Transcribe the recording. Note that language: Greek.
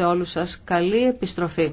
σε όλους σας καλή επιστροφή.